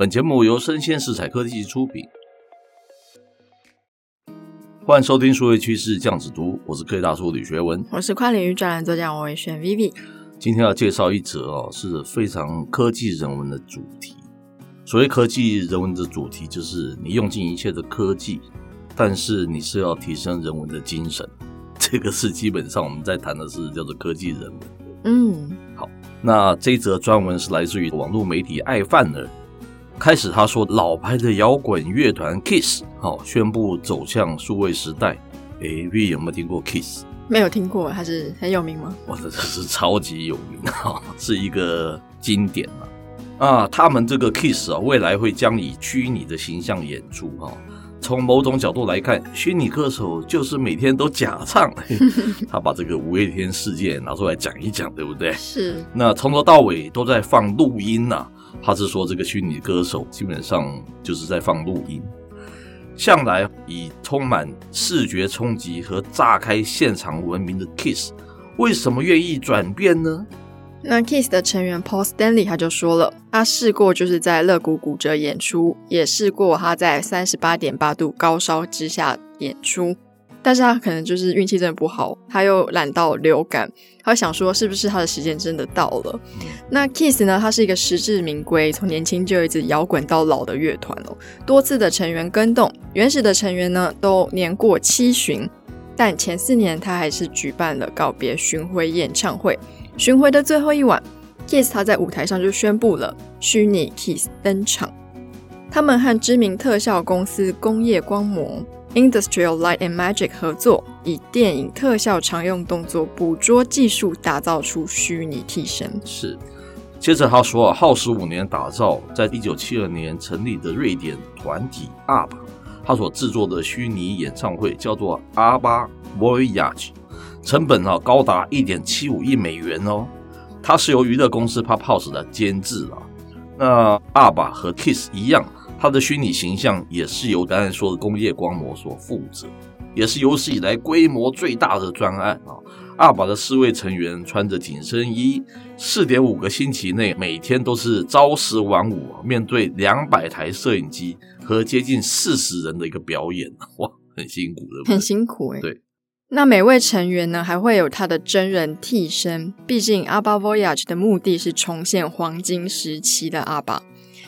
本節目由聲鮮時采科技出品。歡迎收聽《數位趨勢醬子讀》。我是科技大叔李學文，我是跨領域專欄作家王偉軒 Vivi。今天要介紹一則哦，是非常科技人文的主題。所謂科技人文的主題，就是你用盡一切的科技，但是你是要提升人文的精神。這個是基本上我們在談的是叫做科技人文。嗯，好，那這一則專文是來自於網絡媒體愛範兒。開始，他說老牌的搖滾樂團 Kiss 好、哦、宣布走向數位時代。哎、欸、，V 有沒有聽過 Kiss？沒有聽過，還是很有名嗎？哇，這是超級有名哈、哦，是一個經典了啊，啊。他們這個 Kiss 啊，未來會將以虛擬的形象演出哈。從、哦、某種角度來看，虛擬歌手就是每天都假唱。 他把這個五月天事件拿出來講一講，對不對？是。那從頭到尾都在放錄音啊。他是說，這個虛擬歌手基本上就是在放錄音。向來以充滿視覺衝擊和炸開現場聞名的 Kiss，為什麼願意轉變呢？那 Kiss 的成員 Paul Stanley 他就說了，他試過就是在肋骨骨折演出，也試過他在三十八點八度高燒之下演出。但是他可能就是運氣真的不好，他又染到流感，他想說是不是他的時間真的到了？那 Kiss 呢？它是一個實至名歸，從年輕就一直搖滾到老的樂團哦，多次的成員更動，原始的成員呢都年過七旬，但前四年他還是舉辦了告別巡迴演唱會。巡迴的最後一晚，Kiss 他在舞台上就宣布了虛擬 Kiss 登場，他們和知名特效公司工業光魔，Industrial Light and Magic 合作，以電影特效常用動作捕捉技術打造出虛擬替身。是。接着，他說、啊、耗時五年打造，在1972年成立的瑞典團體 ABBA。他所製作的虛擬演唱會叫做《ABBA Voyage》，成本啊高達1.75億美元哦。它是由娛樂公司 Pophouse 的監製啊。那 ABBA 和 Kiss 一樣。他的虛擬形象也是由剛才說的工業光魔所負責，也是有史以來規模最大的專案啊！阿巴的四位成員穿着緊身衣，四點五個星期內每天都是朝十晚五，啊，面對兩百台攝影機和接近四十人的一個表演，哇，很辛苦的，很辛苦哎，欸。對，那每位成員呢還會有他的真人替身，畢竟阿巴 Voyage 的目的是重現黃金時期的阿巴。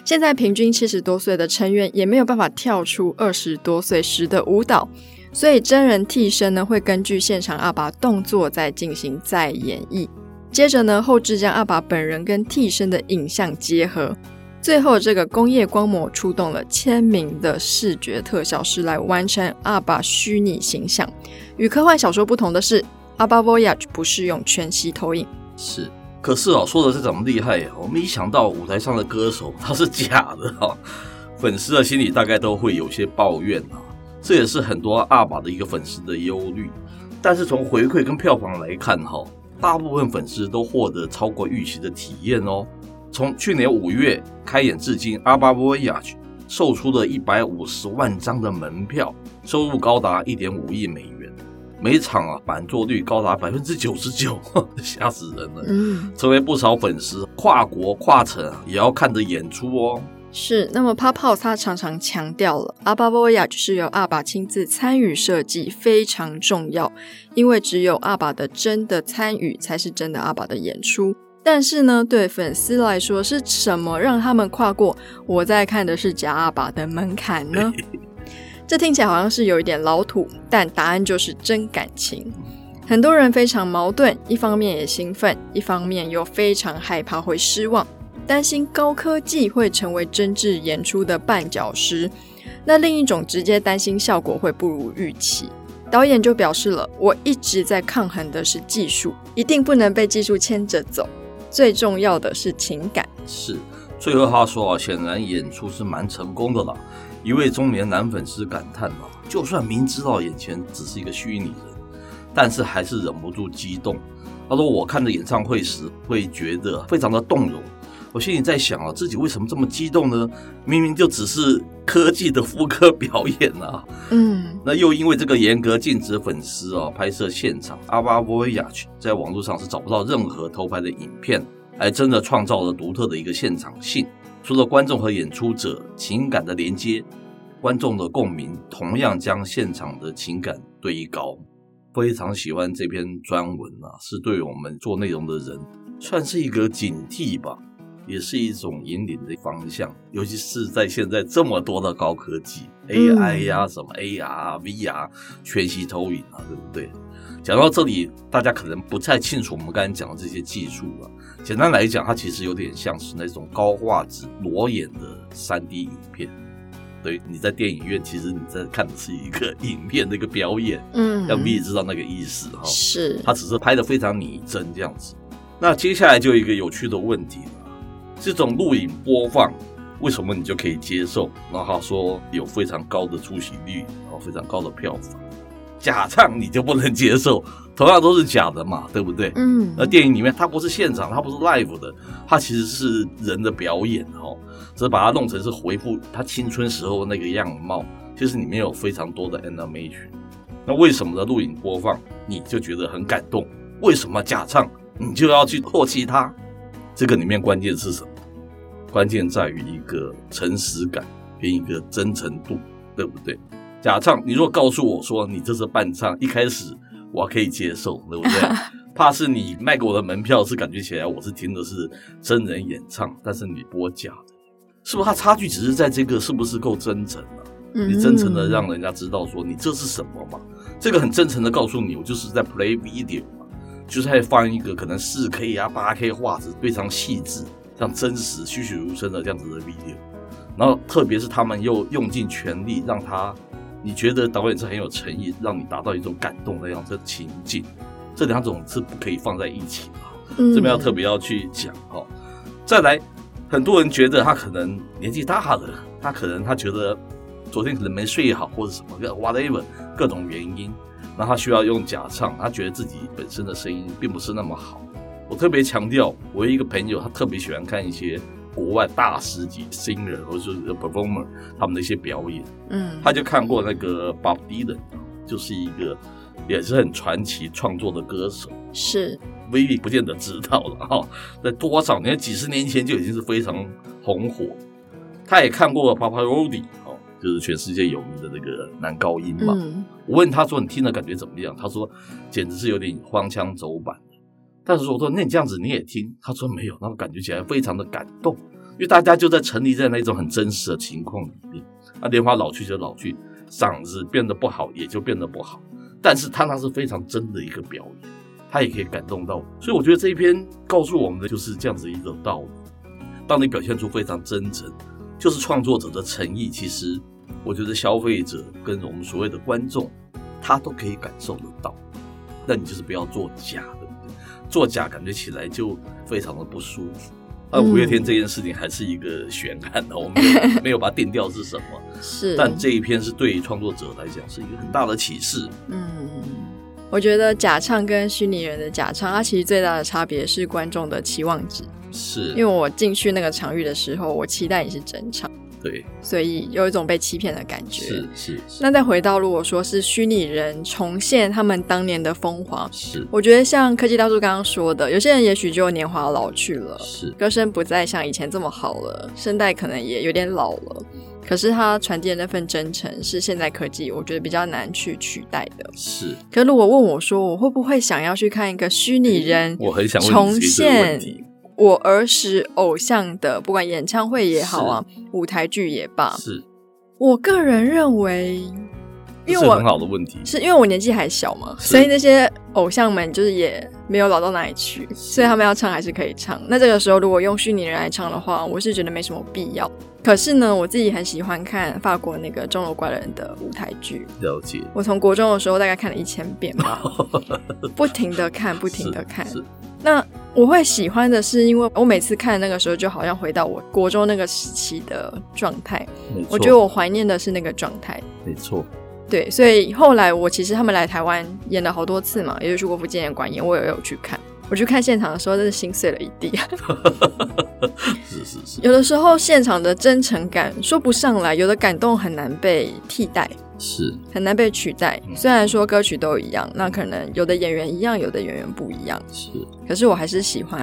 現在平均七十多歲的成員也沒有辦法跳出二十多歲時的舞蹈，所以真人替身呢，會根據現場 ABBA 動作再進行再演繹。接着呢，後製將 ABBA 本人跟替身的影像結合，最後這個工業光魔出動了簽名的視覺特效師來完成 ABBA 虛擬形象。與科幻小說不同的是，《ABBA Voyage》不是用全息投影，是。可是哦、啊，說的是怎麼厲害呀，啊？我們一想到舞台上的歌手他是假的哈、啊，粉絲的心裡大概都會有些抱怨啊，這也是很多阿巴的一個粉絲的憂慮。但是從回饋跟票房來看哈、啊，大部分粉絲都獲得超過預期的體驗哦。從去年五月開演至今，阿巴波亞售出了一百五十萬張的門票，收入高達一點五億美元。每場啊，滿座率高達百分之九十九，嚇死人了！成為、嗯、不少粉絲跨國跨城、啊、也要看的演出哦。是，那麼 Papa 他常常強調了，阿巴 Voyage 就是由阿爸親自參與設計，非常重要，因為只有阿爸的真的參與，才是真的阿爸的演出。但是呢，對粉絲來說，是什麼讓他們跨過我在看的是假阿爸的門檻呢？ 這聽起來好像是有一點老土，但答案就是真感情。很多人非常矛盾，一方面也興奮，一方面又非常害怕會失望，擔心高科技會成為真摯演出的絆腳石。那另一種直接擔心效果會不如預期。導演就表示了：“我一直在抗衡的是技術，一定不能被技術牽着走。最重要的是情感。”是，最後他說：“啊，顯然演出是蠻成功的了。”一位中年男粉絲感嘆啊，“就算明知道眼前只是一個虛擬人，但是還是忍不住激動。”他說：“我看的演唱會時會覺得非常的動容，我心裡在想啊，自己為什麼這麼激動呢？明明就只是科技的複刻表演啊。”嗯，那又因為這個嚴格禁止粉絲啊拍攝現場，ABBA Voyage 在網絡上是找不到任何偷拍的影片，還真的創造了獨特的一個現場性。除了觀眾和演出者情感的連接，觀眾的共鳴同樣將現場的情感堆高。非常喜歡這篇專文啊，是對我們做內容的人算是一個警惕吧，也是一種引領的方向。尤其是在現在這麼多的高科技，嗯，AI 呀、啊、什麼 AR、啊、VR、全息投影啊，對不對？講到這裡，大家可能不太清楚我們剛才講的這些技術了、啊。簡單來講，它其實有點像是那種高畫質裸眼的 3D 影片。對，你在電影院其實你在看的是一個影片的一個表演，嗯，要比你知道那個意思哈。哦、是，它只是拍的非常擬真這樣子。那接下來就一個有趣的問題了：這種錄影播放為什麼你就可以接受？然後他說有非常高的出席率，然後非常高的票房。假唱你就不能接受，同樣都是假的嘛，對不對？嗯，那電影裡面它不是現場，它不是 live 的，它其實是人的表演哦，只是把它弄成是回復他青春時候那個樣貌，就是裡面有非常多的 animation。那為什麼的錄影播放你就覺得很感動？為什麼假唱你就要去唾棄它？這個裡面關鍵是什麼？關鍵在於一個誠實感跟一個真誠度，對不對？假唱，你如果告訴我說你這是伴唱，一開始我還可以接受，對不對？ 怕是你賣給我的門票是感覺起來我是聽的是真人演唱，但是你播假的，是不是？它差距只是在這個是不是夠真誠啊？你真誠的讓人家知道說你這是什麼嘛？ 這個很真誠的告訴你，我就是在 play video 嘛，就是在放一個可能四 K 啊八 K 畫質非常細緻、像真實、栩栩如生的這樣子的 video，然後特別是他們又用盡全力讓他。你覺得導演是很有誠意，讓你達到一種感動的樣子的情境，這兩種是不可以放在一起的，這邊要特別要去講、嗯、哦。再來，很多人覺得他可能年紀大了，他可能他覺得昨天可能沒睡好或者什麼個 whatever 各種原因，那他需要用假唱，他覺得自己本身的聲音並不是那麼好。我特別強調，我有一個朋友他特別喜歡看一些。國外大師級新人，或者是 performer，他們的一些表演，嗯，他就看過那個 Bob Dylan，就是一個也是很傳奇創作的歌手，是，Vivi 不見得知道了哈、哦，在多少年幾十年前就已經是非常紅火。他也看過 Pavarotti，哦，就是全世界有名的那個男高音嘛。嗯、我問他說：“你聽了感覺怎麼樣？”他說：“簡直是有點荒腔走板。”但是我說，那你這樣子你也聽？他說沒有，那我感覺起來非常的感動，因為大家就在沉溺在那一種很真實的情況裡面。啊，蓮花老去就老去，嗓子變得不好也就變得不好。但是他那是非常真的一個表演，他也可以感動到我。所以我覺得這一篇告訴我們的就是這樣子一個道理：當你表現出非常真誠，就是創作者的誠意，其實我覺得消費者跟我們所謂的觀眾，他都可以感受得到。那你就是不要做假。作假感覺起來就非常的不舒服。那、啊、嗯、五月天這件事情還是一個懸案的，我們沒， 沒有把它定掉是什麼？是。但這一篇是對於創作者來講是一個很大的啟示。嗯，我覺得假唱跟虛擬人的假唱，它其實最大的差別是觀眾的期望值。是。因為我進去那個場域的時候，我期待你是真唱。對，所以有一種被欺騙的感覺。是是。是是，那再回到，如果說是虛擬人重現他們當年的風華，是。我覺得像科技大叔剛剛說的，有些人也許就年華老去了，是。歌聲不再像以前這麼好了，聲帶可能也有點老了。可是他傳遞的那份真誠，是現代科技我覺得比較難去取代的。是。可是如果問我說，我會不會想要去看一個虛擬人？我很想重現我兒時偶像的，不管演唱會也好啊。舞台劇也罷，是我個人認為，因為我很好的問題，是因為我年紀還小嘛，是所以那些偶像們就是也沒有老到哪裡去，是所以他們要唱還是可以唱。那這個時候如果用虛擬人來唱的話，我是覺得沒什麼必要。可是呢，我自己很喜歡看法國那個鐘樓怪人的舞台劇，了解。我從國中的時候大概看了一千遍吧， 不停的看，不停的看。那。我會喜歡的是，因為我每次看那個時候，就好像回到我國中那個時期的狀態。沒錯。我覺得我懷念的是那個狀態，沒錯。對，所以後來我其實他們來台灣演了好多次嘛，也就是去國父紀念館演，我也有去看。我去看現場的時候，真的心碎了一地 是是是，有的時候現場的真誠感說不上來，有的感動很難被替代，是很難被取代。雖然說歌曲都一樣，那可能有的演員一樣，有的演員不一樣。是，可是我還是喜歡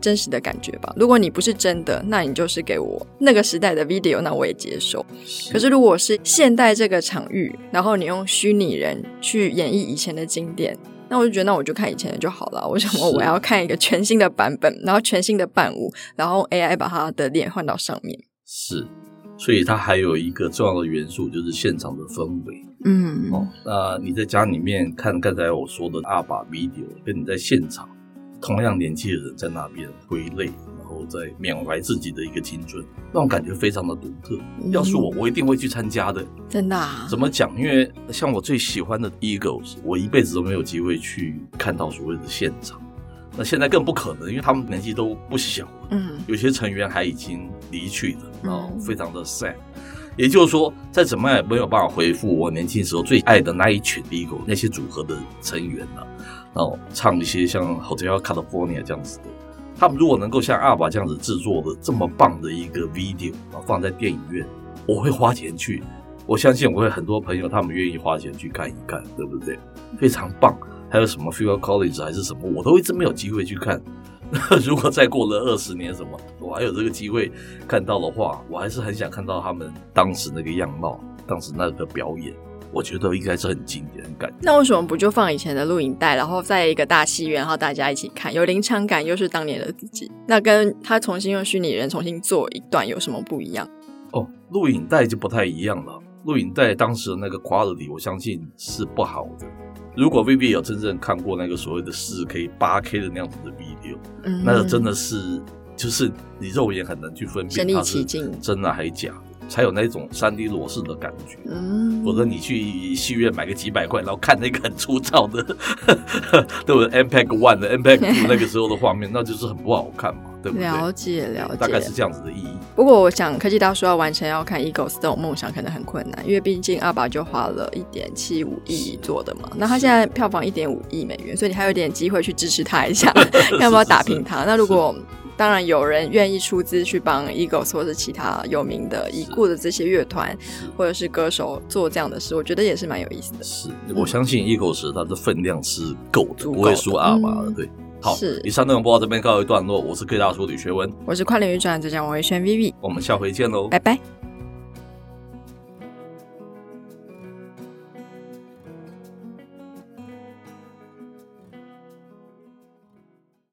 真實的感覺吧。如果你不是真的，那你就是給我那個時代的 video，那我也接受。是。可是如果是現代這個場域，然後你用虛擬人去演繹以前的經典。那我就覺得，那我就看以前的就好了。為什麼我，我要看一個全新的版本？是然後全新的伴舞，然後 AI 把它的臉換到上面。是，所以它還有一個重要的元素，就是現場的氛圍。嗯，哦，那你在家裡面看剛才我說的 ABBA video，跟你在現場。同樣年紀的人在那邊揮淚，然後在緬懷自己的一個青春，那種感覺非常的獨特。嗯、要是我，我一定會去參加的。真的、啊？怎麼講？因為像我最喜歡的 Eagles，我一輩子都沒有機會去看到所謂的現場，那現在更不可能，因為他們年紀都不小了。嗯，有些成員還已經離去的，然後非常的 sad。嗯、也就是說，再怎麼樣也沒有辦法回復我年輕時候最愛的那一群 Eagles 那些組合的成員了、啊。哦，唱一些像《Hotel California》這樣子的，他們如果能夠像 ABBA 這樣子制作的這麼棒的一個 video，放在電影院，我會花錢去。我相信我會很多朋友他們願意花錢去看一看，對不對？非常棒。還有什麼《Feel College》還是什麼，我都一直沒有機會去看。那如果再過了二十年什麼，我還有這個機會看到的話，我還是很想看到他們當時那個樣貌，當時那個表演。我覺得應該是很經典的感覺。那為什麼不就放以前的錄影帶，然後在一個大戲院，然後大家一起看，有臨場感，又是當年的自己？那跟他重新用虛擬人重新做一段有什麼不一樣？哦，錄影帶就不太一樣了。錄影帶當時的那個 quality，我相信是不好的。如果未必有真正看過那個所謂的 4K、8K 的那樣子的 video，嗯，那真的是就是你肉眼很難去分辨身歷其境，它是真的還是假。才有那種三 D 裸視的感覺，或者、嗯、你去戲院買個幾百塊，然後看那個很粗糙的， 對不對？MPEG One 的 MPEG Two 那個時候的畫面， 那就是很不好看嘛，對不對？了解了解，對了解大概是這樣子的意義。不過我想，科技大叔要完成要看 Eagles 這種夢想，可能很困難，因為畢竟 ABBA 就花了一點七五億做的嘛。是那他現在票房一點五億美元，所以你還有點機會去支持他一下，要 不要打平他？是是是是，那如果……當然，有人願意出資去幫 Eagles 或是其他有名的已故的這些樂團是或者是歌手做這樣的事，我覺得也是蠻有意思的。是、嗯、我相信 Eagles 它的分量，是夠的，不，夠的不會輸 ABBA 的。嗯、對，好，是以上內容播到這邊告一段落。我是 K 大叔李學文，我是跨領域專欄作家王維軒 Vivi，我們下回見嘍，拜拜。